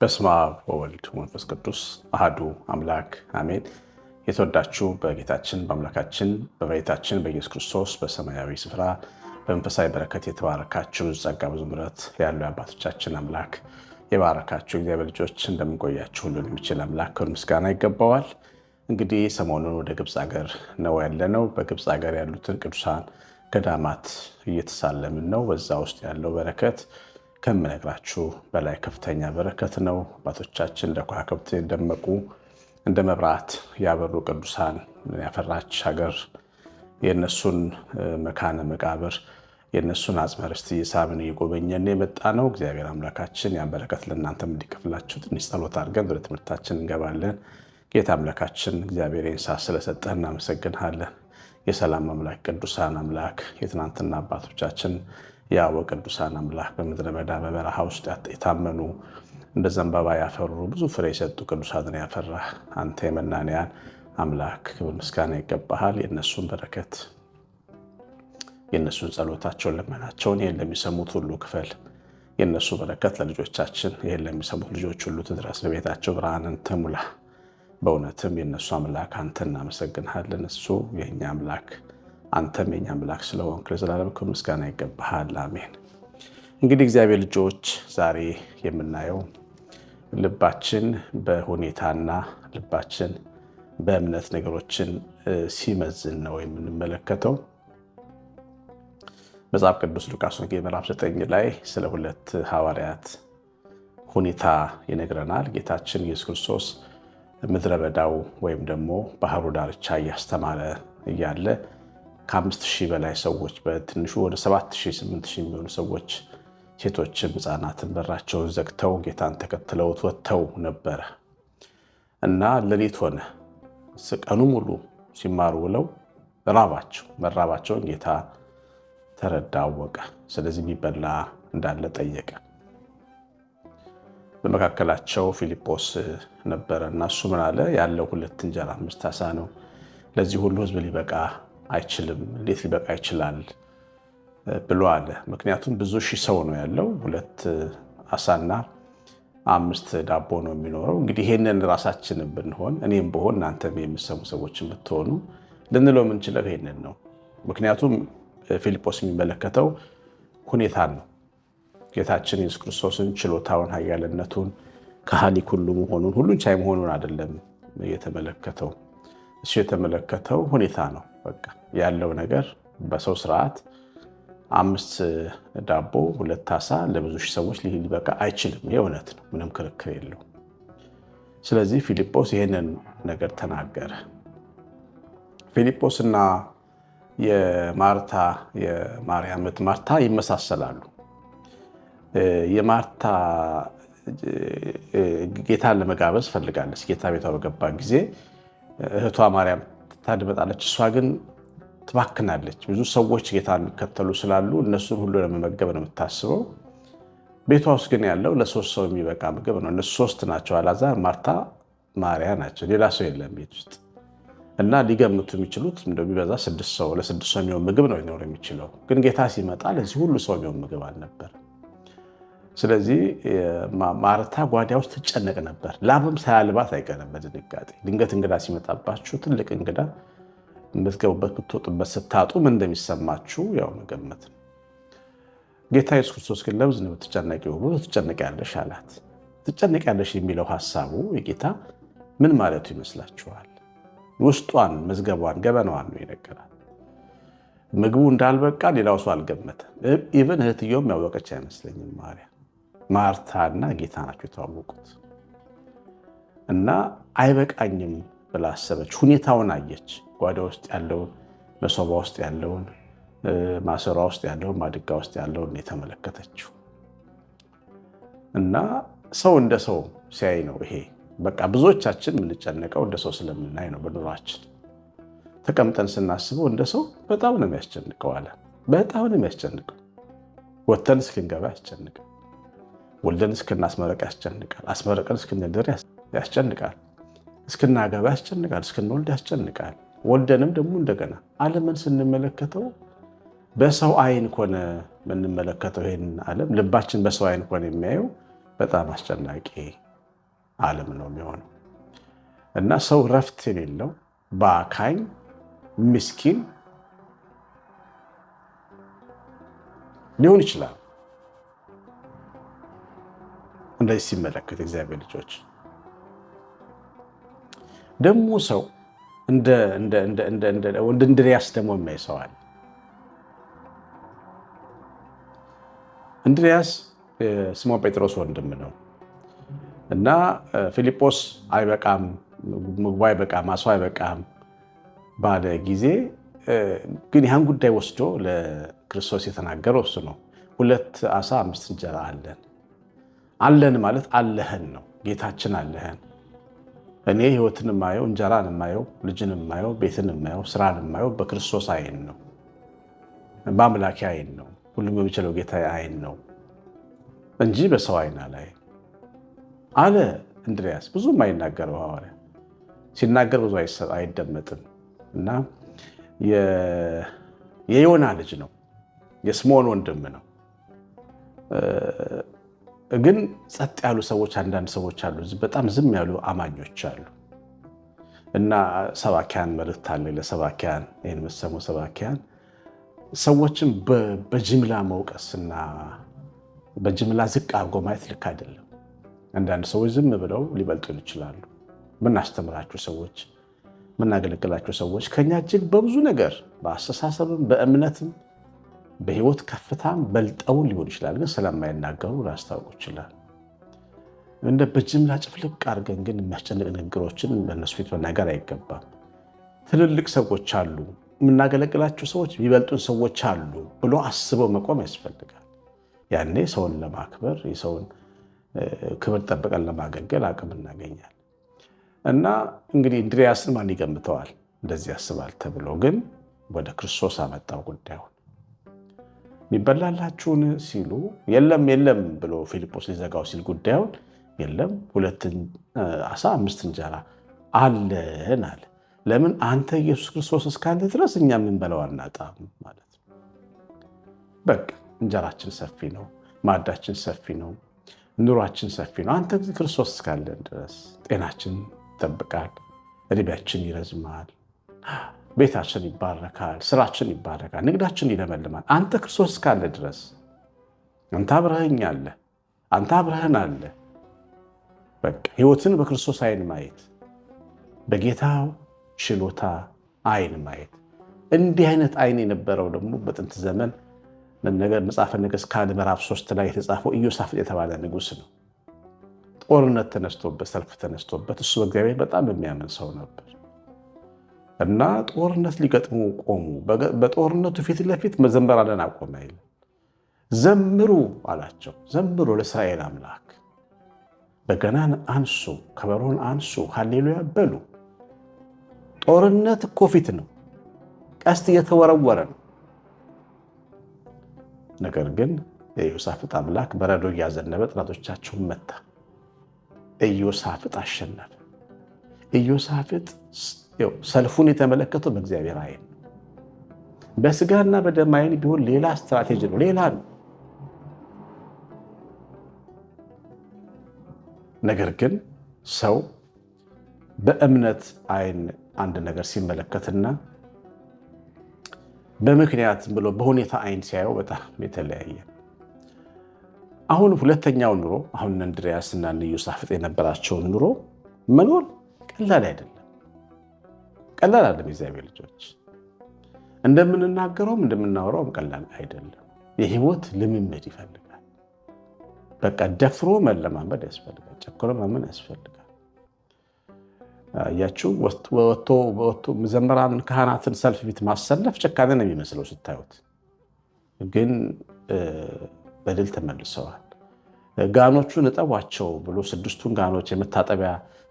በስመ አብ ወወልድ ወመንፈስ ቅዱስ አህዱ አምላክ አሜን። የተወዳችሁ በጌታችን በአምላካችን በመድኃኒታችን በኢየሱስ ክርስቶስ በሰማያዊ ስፍራ በመንፈሳዊ በረከት የተባረካችሁ ጸጋ ብዙ ምሕረት ያሉ የአባቶቻችን አምላክ የባረካችሁ እግዚአብሔር ልጆች እንደምንቆያችሁ ሁሉን የሚችል አምላክ ክብር ምስጋና ይገባዋል። እንግዲህ ሰሞኑን ወደ ግብፅ ሀገር ነው ነው። በግብፅ ሀገር ያሉትን ቅዱሳን ገዳማት እየተሳለምን ነው። በዛ ውስጥ ያለው በረከት ከምነግራችሁ በላይ ከፍተኛ በረከት ነው። አባቶቻችን እንደ ከዋክብት የደመቁ እንደ መብራት ያበሩ ቅዱሳን ያፈራች ሀገር የእነሱን መካነ መቃብር የእነሱን አጽመ እየሳብን እየጎበኘን የመጣ ነው። እግዚአብሔር አምላካችን ያን በረከት ለእናንተም እንዲከፍላችሁ ትንሽ ጸሎት አድርገን ወደ ትምህርታችን እንገባለን። ጌታ አምላካችን እግዚአብሔር እንሳ ሰዓት ስለሰጠህ እናመሰግንሃለን። የሰላም አምላክ ቅዱሳን አምላክ የትናንትና አባቶቻችን የአወ ቅዱሳን አምላክ በምድረ በዳ በበረሃ ውስጥ የታመኑ እንደ ዘንባባ ያፈሩ ብዙ ፍሬ የሰጡ ቅዱሳትን ያፈራህ አንተ የመናንያን አምላክ ክብር ምስጋና ይገባሃል። የእነሱን በረከት የእነሱን ጸሎታቸውን ልመናቸውን ይህን ለሚሰሙት ሁሉ ክፈል። የእነሱ በረከት ለልጆቻችን ይህን ለሚሰሙት ልጆች ሁሉ ትድረስ። በቤታቸው ብርሃንን ተሙላ። በእውነትም የእነሱ አምላክ አንተ እናመሰግንሃለን። እሱ የእኛ አምላክ አንተም የኛ አምላክ ስለሆንክ ለዘላለም ምስጋና ይገባሃል። አሜን። እንግዲህ እግዚአብሔር ልጆች ዛሬ የምናየው ልባችን በሁኔታና ልባችን በእምነት ነገሮችን ሲመዝን ነው የምንመለከተው። መጽሐፍ ቅዱስ ሉቃስ ወንጌል ምዕራፍ 9 ላይ ስለ ሁለት ሐዋርያት ሁኔታ ይነግረናል። ጌታችን ኢየሱስ ክርስቶስ ምድረ በዳው ወይም ደግሞ ባህሩ ዳርቻ እያስተማረ እያለ ከአምስት ሺህ በላይ ሰዎች በትንሹ ወደ ሰባት ሺህ ስምንት ሺህ የሚሆኑ ሰዎች ሴቶችም ህፃናትን በራቸውን ዘግተው ጌታን ተከትለውት ወጥተው ነበረ እና ሌሊት ሆነ። ቀኑ ሙሉ ሲማሩ ውለው ራባቸው። መራባቸውን ጌታ ተረዳ፣ አወቀ። ስለዚህ የሚበላ እንዳለ ጠየቀ። በመካከላቸው ፊልጶስ ነበረ እና እሱ ምን አለ ያለው ሁለት እንጀራ አምስት አሳ ነው፣ ለዚህ ሁሉ ህዝብ ሊበቃ አይችልም፣ እንዴት ሊበቃ ይችላል ብሎ አለ። ምክንያቱም ብዙ ሺህ ሰው ነው ያለው፣ ሁለት አሳና አምስት ዳቦ ነው የሚኖረው። እንግዲህ ይህንን ራሳችንን ብንሆን እኔም ብሆን እናንተም የምሰሙ ሰዎች ብትሆኑ ልንለው የምንችለው ይሄንን ነው። ምክንያቱም ፊልጶስ የሚመለከተው ሁኔታን ነው። ጌታችን ኢየሱስ ክርስቶስን ችሎታውን፣ ኃያልነቱን ከሃሊ ሁሉ መሆኑን ሁሉን ቻይ መሆኑን አይደለም የተመለከተው። እሱ የተመለከተው ሁኔታ ነው። በቃ ያለው ነገር በሰው ስርዓት አምስት ዳቦ ሁለት አሳ ለብዙ ሺህ ሰዎች ሊበቃ አይችልም። የእውነት ነው፣ ምንም ክርክር የለው። ስለዚህ ፊልጶስ ይህንን ነገር ተናገረ። ፊልጶስና የማርታ የማርያምት ማርታ ይመሳሰላሉ። የማርታ ጌታን ለመጋበዝ ፈልጋለች። ጌታ ቤቷ በገባ ጊዜ እህቷ ማርያም ታድመጣለች። እሷ ግን ትባክናለች። ብዙ ሰዎች ጌታ የሚከተሉ ስላሉ እነሱን ሁሉ ለመመገብ ነው የምታስበው። ቤቷ ውስጥ ግን ያለው ለሶስት ሰው የሚበቃ ምግብ ነው። እነሱ ሶስት ናቸው፣ አላዛር፣ ማርታ፣ ማርያ ናቸው። ሌላ ሰው የለም ቤት ውስጥ እና ሊገምቱ የሚችሉት እንደሚበዛ ስድስት ሰው ለስድስት ሰው የሚሆን ምግብ ነው ሊኖር የሚችለው። ግን ጌታ ሲመጣ ለዚህ ሁሉ ሰው የሚሆን ምግብ አልነበር። ስለዚህ ማርታ ጓዳ ውስጥ ትጨነቅ ነበር። ላብም ሳያልባት አይቀርም። በድንጋጤ ድንገት እንግዳ ሲመጣባችሁ ትልቅ እንግዳ የምትገቡበት ብትወጡበት ስታጡ ምን እንደሚሰማችሁ ያው መገመት ነው። ጌታ ኢየሱስ ክርስቶስ ግን ለምንድን ነው የምትጨነቂው ትጨነቂያለሽ አላት። ትጨነቂያለሽ የሚለው ሀሳቡ የጌታ ምን ማለቱ ይመስላችኋል? ውስጧን፣ መዝገቧን፣ ገበናዋን ነው ይነገራል። ምግቡ እንዳልበቃ ሌላው ሰው አልገመተም። ኢቨን እህትዮም ያወቀች አይመስለኝም ማርያም ማርታ እና ጌታ ናቸው የተዋወቁት። እና አይበቃኝም ብላ አሰበች። ሁኔታውን አየች። ጓዳ ውስጥ ያለውን፣ መሶባ ውስጥ ያለውን፣ ማሰሯ ውስጥ ያለውን፣ ማድጋ ውስጥ ያለውን የተመለከተችው እና ሰው እንደ ሰው ሲያይ ነው ይሄ በቃ ብዙዎቻችን የምንጨነቀው እንደ ሰው ስለምናይ ነው። በኑሯችን ተቀምጠን ስናስበው እንደ ሰው በጣም ነው የሚያስጨንቀው አለ። በጣም ነው የሚያስጨንቀው። ወተን እስክንገባ ያስጨንቀው። ወልደን እስክናስመረቅ ያስጨንቃል። አስመረቅን እስክንድር ያስጨንቃል። እስክናገባ ያስጨንቃል። እስክንወልድ ያስጨንቃል። ወልደንም ደግሞ እንደገና ዓለምን ስንመለከተው በሰው አይን ኮነ የምንመለከተው ይህን ዓለም ልባችን በሰው አይን ኮነ የሚያየው በጣም አስጨናቂ ዓለም ነው የሚሆነው እና ሰው ረፍት የሌለው በአካኝ ምስኪን ሊሆን ይችላል እንደዚህ ሲመለከት እግዚአብሔር ልጆች ደግሞ ሰው እንደ እንድርያስ ደግሞ የሚያይ ሰው አለ። እንድሪያስ ስሞን ጴጥሮስ ወንድም ነው እና ፊልጶስ አይበቃም፣ ምግቡ አይበቃም፣ አሳው አይበቃም ባለ ጊዜ ግን ያን ጉዳይ ወስዶ ለክርስቶስ የተናገረው እሱ ነው። ሁለት አሳ አምስት እንጀራ አለን አለን ማለት አለህን ነው። ጌታችን አለህን። እኔ ህይወትን የማየው እንጀራን የማየው ልጅን የማየው ቤትን የማየው ስራን የማየው በክርስቶስ አይን ነው፣ በአምላኬ አይን ነው፣ ሁሉም የሚችለው ጌታ አይን ነው እንጂ በሰው አይና ላይ አለ እንድሪያስ። ብዙም አይናገረው ሐዋርያ ሲናገር ብዙ አይደመጥም እና የዮና ልጅ ነው፣ የስምዖን ወንድም ነው። ግን ጸጥ ያሉ ሰዎች አንዳንድ ሰዎች አሉ፣ በጣም ዝም ያሉ አማኞች አሉ። እና ሰባኪያን መልእክት አለ ለሰባኪያን፣ ይህን ሰባኪያን ሰዎችን በጅምላ መውቀስና በጅምላ ዝቅ አድርጎ ማየት ልክ አይደለም። አንዳንድ ሰዎች ዝም ብለው ሊበልጡን ይችላሉ። ምናስተምራቸው ሰዎች፣ ምናገለግላቸው ሰዎች ከኛ እጅግ በብዙ ነገር በአስተሳሰብም በእምነትም በህይወት ከፍታም በልጠውን ሊሆን ይችላል፣ ግን ስለማይናገሩ ላስታውቁ ይችላል። እንደ በጅምላ ጭፍልቅ አድርገን ግን የሚያስጨንቅ ንግግሮችን በእነሱ ፊት መናገር አይገባም። ትልልቅ ሰዎች አሉ፣ የምናገለግላቸው ሰዎች የሚበልጡን ሰዎች አሉ ብሎ አስበው መቆም ያስፈልጋል። ያኔ ሰውን ለማክበር የሰውን ክብር ጠብቀን ለማገልገል አቅም እናገኛል። እና እንግዲህ እንድሪያስን ማን ይገምተዋል? እንደዚህ ያስባል ተብሎ ግን ወደ ክርስቶስ አመጣው ጉዳዩን የሚበላላችሁን ሲሉ የለም የለም ብሎ ፊልጶስ ሊዘጋው ሲል ጉዳዩን የለም ሁለት አሳ አምስት እንጀራ አለን አለ። ለምን አንተ ኢየሱስ ክርስቶስ እስካለ ድረስ እኛ የምንበላው አናጣም ማለት ነው። በቃ እንጀራችን ሰፊ ነው፣ ማዕዳችን ሰፊ ነው፣ ኑሯችን ሰፊ ነው። አንተ ክርስቶስ እስካለን ድረስ ጤናችን ይጠብቃል፣ እድሜያችን ይረዝማል። ቤታችን ይባረካል፣ ስራችን ይባረካል፣ ንግዳችን ይለመልማል። አንተ ክርስቶስ እስካለ ድረስ አንተ አብረኸኝ አለ፣ አንተ አብረኸን አለ። በቃ ህይወትን በክርስቶስ አይን ማየት፣ በጌታው ችሎታ አይን ማየት። እንዲህ አይነት አይን የነበረው ደግሞ በጥንት ዘመን መነገር መጽሐፈ ነገሥት ካልዕ ምዕራፍ ሶስት ላይ የተጻፈው ኢዮሳፍጥ የተባለ ንጉስ ነው። ጦርነት ተነስቶበት፣ ሰልፍ ተነስቶበት፣ እሱ በእግዚአብሔር በጣም የሚያምን ሰው ነበር። እና ጦርነት ሊገጥሙ ቆሙ። በጦርነቱ ፊት ለፊት መዘምበራንን አቆመ። ዘምሩ አላቸው። ዘምሩ ለእስራኤል አምላክ፣ በገናን አንሱ፣ ከበሮን አንሱ፣ ሃሌሉያ በሉ። ጦርነት እኮ ፊት ነው። ቀስት እየተወረወረ ነው። ነገር ግን የኢዮሳፍጥ አምላክ በረዶ እያዘነበ ጠላቶቻቸውን መታ። ኢዮሳፍጥ አሸነፈ። ኢዮሳፍጥ ሰልፉን የተመለከተው በእግዚአብሔር አይን በስጋና በደም አይን ቢሆን ሌላ ስትራቴጂ ነው፣ ሌላ ነው። ነገር ግን ሰው በእምነት አይን አንድ ነገር ሲመለከትና በምክንያት ብሎ በሁኔታ አይን ሲያየው በጣም የተለያየ። አሁን ሁለተኛው ኑሮ አሁን እንድሪያስና ኢዮሳፍጥ የነበራቸውን ኑሮ መኖር ቀላል አይደለም። ቀላል አይደለም። የእግዚአብሔር ልጆች እንደምንናገረውም እንደምናወራውም ቀላል አይደለም። የህይወት ልምምድ ይፈልጋል። በቃ ደፍሮ መለማመድ ያስፈልጋል። ጨክሮ ማመን ያስፈልጋል። እያችሁ ወጥቶ መዘምራንን ካህናትን ሰልፍ ፊት ማሰለፍ ጭካኔ ነው የሚመስለው ስታዩት፣ ግን በድል ተመልሰዋል። ጋኖቹ ንጠቧቸው ብሎ ስድስቱን ጋኖች የመታጠቢያ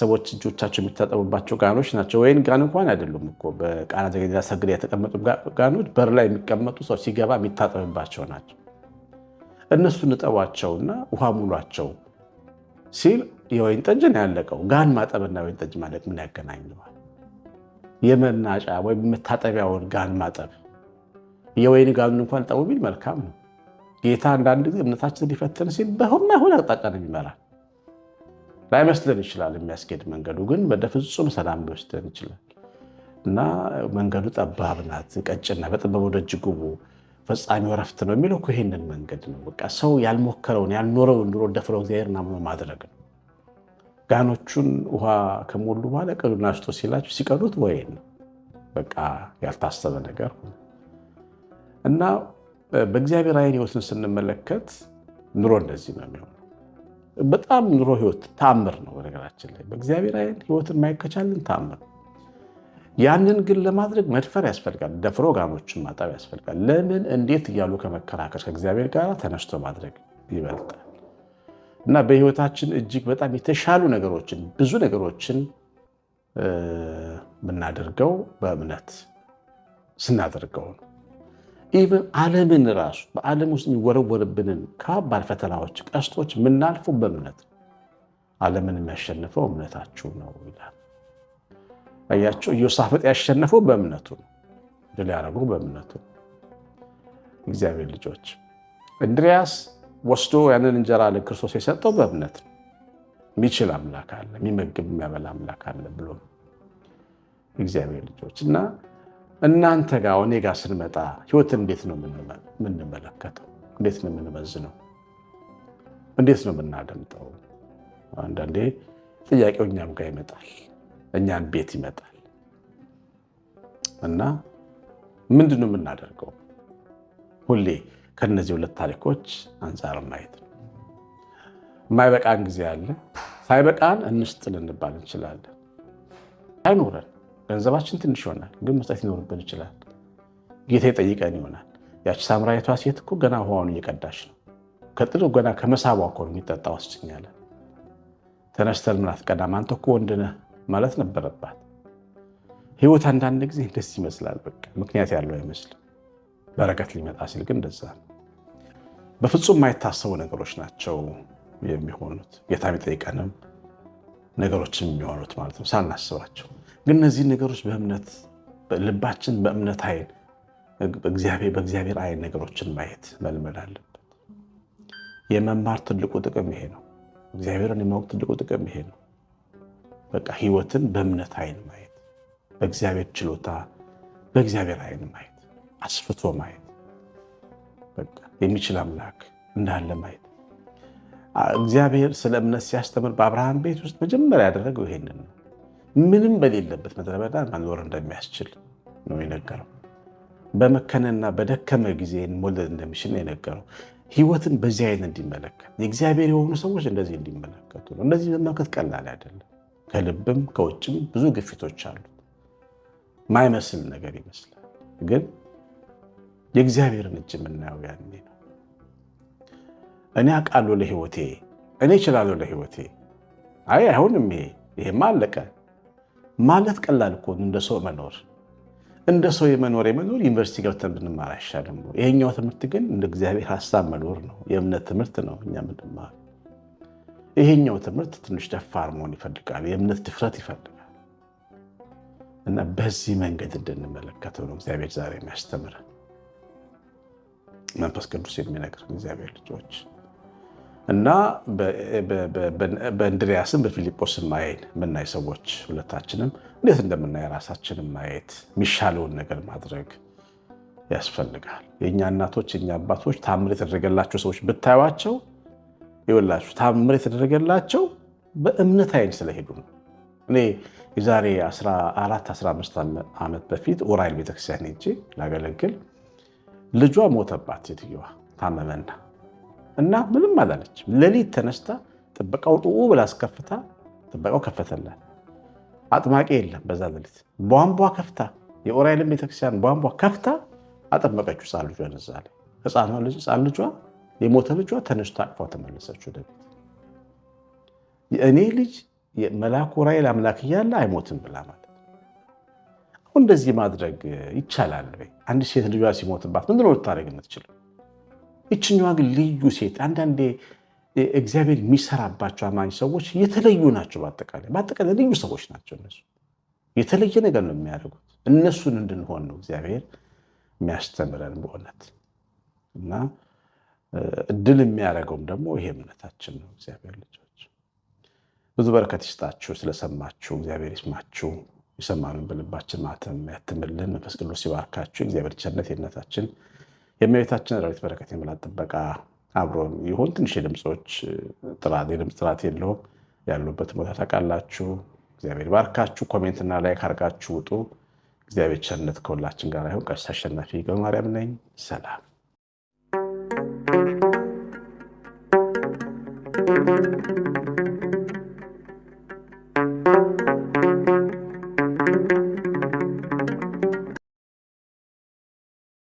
ሰዎች እጆቻቸው የሚታጠቡባቸው ጋኖች ናቸው። ወይን ጋን እንኳን አይደሉም እኮ በቃና ዘገሊላ ሰግድ የተቀመጡ ጋኖች በር ላይ የሚቀመጡ ሰው ሲገባ የሚታጠብባቸው ናቸው። እነሱ እጠቧቸውና ውሃ ሙሏቸው ሲል የወይን ጠጅ ነው ያለቀው። ጋን ማጠብና ወይን ጠጅ ማለት ምን ያገናኘዋል? የመናጫ ወይም መታጠቢያውን ጋን ማጠብ የወይን ጋኑን እንኳን ጠቡ ቢል መልካም ነው። ጌታ አንዳንድ ጊዜ እምነታችን ሊፈትን ሲል በሁና ሁን አቅጣጫ ነው ይመራል። ላይመስለን ይችላል የሚያስኬድ መንገዱ ግን ወደ ፍጹም ሰላም ሊወስደን ይችላል እና መንገዱ ጠባብ ናት፣ ቀጭና በጠባቡ ደጅ ግቡ፣ ፈጻሚው ረፍት ነው የሚለው እኮ ይሄንን መንገድ ነው። በቃ ሰው ያልሞከረውን ያልኖረውን ኑሮ ደፍረው እግዚአብሔር ናምኖ ማድረግ ነው። ጋኖቹን ውሃ ከሞሉ በኋላ ቀዱና ሽጦ ሲላቸው ሲቀዱት ወይን በቃ ያልታሰበ ነገር እና በእግዚአብሔር አይን ህይወትን ስንመለከት ኑሮ እንደዚህ ነው የሚሆነው። በጣም ኑሮ ህይወት ታምር ነው። በነገራችን ላይ በእግዚአብሔር አይን ህይወትን ማየት ከቻልን ያንን ግን ለማድረግ መድፈር ያስፈልጋል። ደፍሮ ጋኖችን ማጠብ ያስፈልጋል። ለምን እንዴት እያሉ ከመከራከር ከእግዚአብሔር ጋር ተነስቶ ማድረግ ይበልጣል እና በህይወታችን እጅግ በጣም የተሻሉ ነገሮችን ብዙ ነገሮችን የምናደርገው በእምነት ስናደርገው ነው። ኢቨን ዓለምን ራሱ በዓለም ውስጥ የሚወረወርብንን ከባድ ፈተናዎች፣ ቀስቶች የምናልፉ በእምነት ዓለምን የሚያሸንፈው እምነታችሁ ነው ይላል። አያቸው ኢዮሳፍጥ ያሸነፈው በእምነቱ ነው። ድል ያደረገው በእምነቱ እግዚአብሔር ልጆች፣ እንድሪያስ ወስዶ ያንን እንጀራ ለክርስቶስ የሰጠው በእምነት ነው። የሚችል አምላክ አለ፣ የሚመግብ የሚያበላ አምላክ አለ ብሎ እግዚአብሔር ልጆች እና እናንተ ጋር እኔ ጋር ስንመጣ ህይወትን እንዴት ነው የምንመለከተው? እንዴት ነው የምንመዝነው? እንዴት ነው የምናደምጠው? አንዳንዴ ጥያቄው እኛም ጋር ይመጣል፣ እኛም ቤት ይመጣል እና ምንድን ነው የምናደርገው? ሁሌ ከነዚህ ሁለት ታሪኮች አንጻር ማየት ነው። የማይበቃን ጊዜ አለ። ሳይበቃን እንስጥ ልንባል እንችላለን አይኖረን ገንዘባችን ትንሽ ይሆናል፣ ግን መስጠት ይኖርብን ይችላል። ጌታ ይጠይቀን ይሆናል። ያቺ ሳምራዊቷ ሴት እኮ ገና ውሃውን እየቀዳች ነው። ከጥሎ ገና ከመሳቧ እኮ ነው የሚጠጣው። አስችኛለን ተነስተን ምናት ቀዳም አንተ እኮ ወንድ ነህ ማለት ነበረባት። ህይወት አንዳንድ ጊዜ ደስ ይመስላል። በቃ ምክንያት ያለው አይመስልም። በረከት ሊመጣ ሲል ግን እንደዛ ነው። በፍጹም የማይታሰቡ ነገሮች ናቸው የሚሆኑት። ጌታ የሚጠይቀንም ነገሮችም የሚሆኑት ማለት ነው ሳናስባቸው ግን እነዚህን ነገሮች በእምነት ልባችን በእምነት አይን በእግዚአብሔር አይን ነገሮችን ማየት መልመድ አለበት። የመማር ትልቁ ጥቅም ይሄ ነው። እግዚአብሔርን የማወቅ ትልቁ ጥቅም ይሄ ነው። በቃ ህይወትን በእምነት አይን ማየት፣ በእግዚአብሔር ችሎታ በእግዚአብሔር አይን ማየት፣ አስፍቶ ማየት፣ በቃ የሚችል አምላክ እንዳለ ማየት። እግዚአብሔር ስለ እምነት ሲያስተምር በአብርሃም ቤት ውስጥ መጀመሪያ ያደረገው ይሄንን ነው። ምንም በሌለበት ምድረ በዳ መኖር እንደሚያስችል ነው የነገረው። በመከነና በደከመ ጊዜ መውለድ እንደሚችል ነው የነገረው። ህይወትን በዚህ አይነት እንዲመለከት የእግዚአብሔር የሆኑ ሰዎች እንደዚህ እንዲመለከቱ ነው። እንደዚህ መመልከት ቀላል አይደለም። ከልብም ከውጭም ብዙ ግፊቶች አሉት። ማይመስል ነገር ይመስላል፣ ግን የእግዚአብሔርን እጅ የምናየው ያኔ ነው። እኔ አውቃለሁ ለህይወቴ፣ እኔ እችላለሁ ለህይወቴ። አይ አይሆንም፣ ይሄ ይሄማ አለቀ ማለት ቀላል እኮ እንደ ሰው መኖር እንደ ሰው የመኖር የመኖር ዩኒቨርሲቲ ገብተን ብንማር አይሻልም? ይሄኛው ትምህርት ግን እንደ እግዚአብሔር ሀሳብ መኖር ነው። የእምነት ትምህርት ነው እኛ ምንማር። ይሄኛው ትምህርት ትንሽ ደፋር መሆን ይፈልጋል፣ የእምነት ድፍረት ይፈልጋል። እና በዚህ መንገድ እንድንመለከተው ነው እግዚአብሔር ዛሬ የሚያስተምረን መንፈስ ቅዱስ የሚነግረን እግዚአብሔር ልጆች እና በእንድሪያስን በፊልጶስን ማየን የምናይ ሰዎች ሁለታችንም እንዴት እንደምናይ ራሳችንም ማየት የሚሻለውን ነገር ማድረግ ያስፈልጋል። የእኛ እናቶች የእኛ አባቶች ታምር የተደረገላቸው ሰዎች ብታዩቸው ይወላችሁ ታምር የተደረገላቸው በእምነት አይን ስለሄዱ ነው። እኔ የዛሬ 14 15 ዓመት በፊት ዑራኤል ቤተክርስቲያን ሄጄ ላገለግል ልጇ ሞተባት፣ ሴትየዋ ታመመና እና ምንም አላለች። ሌሊት ተነስታ ጥበቃው ጥ ብላ አስከፍታ ጥበቃው ከፈተላት። አጥማቂ የለም በዛ ሌሊት። ቧንቧ ከፍታ የኦራይልን ቤተክርስቲያን ቧንቧ ከፍታ አጠመቀች። ህፃን ልጇ ነዛ ህፃን ልጇ የሞተ ልጇ ተነስታ አቅፏ ተመለሰች ወደ ቤት። የእኔ ልጅ መላኩ ራይል አምላክ እያለ አይሞትም ብላ ማለት እንደዚህ ማድረግ ይቻላል ወይ? አንድ ሴት ልጇ ሲሞትባት ምንድነው ልታደርግ የምትችለው? ይችኛዋ ግን ልዩ ሴት አንዳንዴ እግዚአብሔር የሚሰራባቸው አማኝ ሰዎች የተለዩ ናቸው። በአጠቃላይ በአጠቃላይ ልዩ ሰዎች ናቸው። እነሱ የተለየ ነገር ነው የሚያደርጉት። እነሱን እንድንሆን ነው እግዚአብሔር የሚያስተምረን በእውነት እና እድል የሚያደርገውም ደግሞ ይሄ እምነታችን ነው። እግዚአብሔር ልጆች ብዙ በረከት ይስጣችሁ። ስለሰማችሁ እግዚአብሔር ይስማችሁ። የሰማንን በልባችን ማተም ያትምልን። መንፈስ ቅዱስ እግዚአብሔር ቸርነት የነታችን የእመቤታችን ረድኤት በረከት የመላት ጥበቃ አብሮን ይሁን። ትንሽ የድምፆች የድምፅ ጥራት የለውም። ያሉበት ቦታ ታውቃላችሁ። እግዚአብሔር ባርካችሁ። ኮሜንትና ላይክ አድርጋችሁ ውጡ። እግዚአብሔር ቸርነት ከሁላችን ጋር ይሁን። ቀሲስ አሸናፊ ገብረ ማርያም ነኝ። ሰላም Thank you.